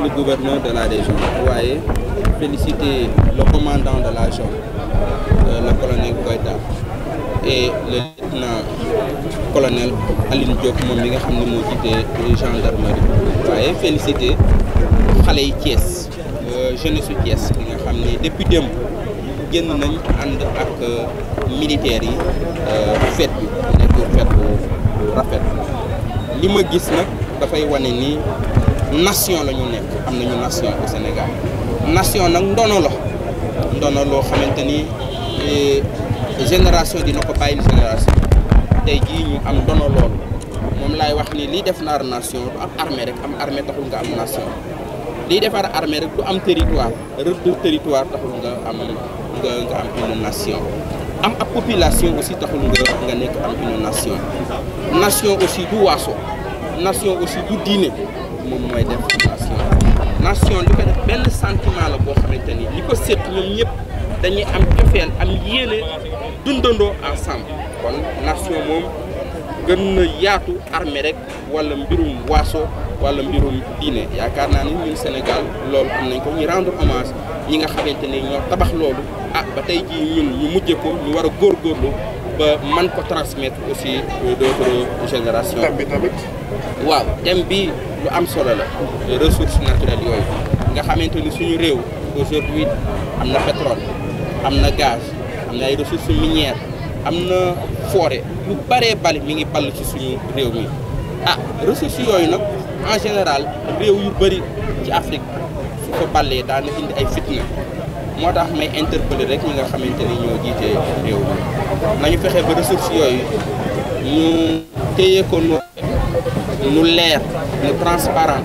le gouverneur de la région waaye féliciter le commandant de la zone euh, le colonel Goïta et le lieutenant colonel Aline Diop moom mi nga xam ne moo jiite gendarmerie waaye féliciter xale yi Thiès euh, jeunesse su Thiès bi nga xam ne depuis démb génn nañ ànd ak euh, militaires yi fête bi nekk fête bu rafet li ma gis nag dafay wane ni nation la ñu nekk am nañu nation au Sénégal nation nag ndono la ndono loo xamante ni eh, génération dina ko bàyyil génération tey jii ñu am ndono moom laay wax nii liy def naar nation du am armée rek am armée taxul nga am nation liy defar armée rek du am territoire rëdd territoire taxul nga am nga nga am une nation am ab population aussi taxul nga nekk am une nation nation aussi du waaso nation aussi du diine moom mooy def nation nation li ko def benn sentiment la boo xamante ni li ko séq ñoom ñëpp dañuy am cofeel am yéene dundandoo ensemble kon nation moom gën na yaatu armée rek wala mbirum waaso wala mbirum diine yaakaar naa ni ñun Sénégal loolu am nañ ko ñu rend hommage ñi nga xamante ni ñoo tabax loolu ah ba tey jii ñun ñu mujje ko ñu war a góorgóorlu ba man ko transmettre aussi d'autres générations. thème tamit. waaw thème bi. lu am solo la ressources naturelles yooyu nga xamante ni suñu réew aujourd'hui am na pétrole am na gaz am na ay ressources am na forêt lu bëree bari mi ngi ball ci suñu réew mi ah ressources yooyu nag en général réew yu bëri ci Afrique su ko ballee daana indi ay fitna moo tax may interpeller rek ñi nga xamante ni ñoo jiite réew mi nañu fexe ba ressources yooyu ñu téye ko nu leer le transparent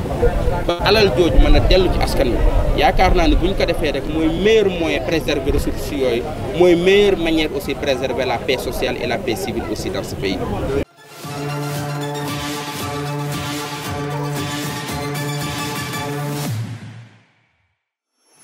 ba alal jooju mën a dellu ci askan wi yaakaar naa ne buñ ko defee rek mooy meilleur moyen préserver ressources yooyu mooy meilleure manière aussi préserver la paix sociale et la paix civile aussi dans ce pays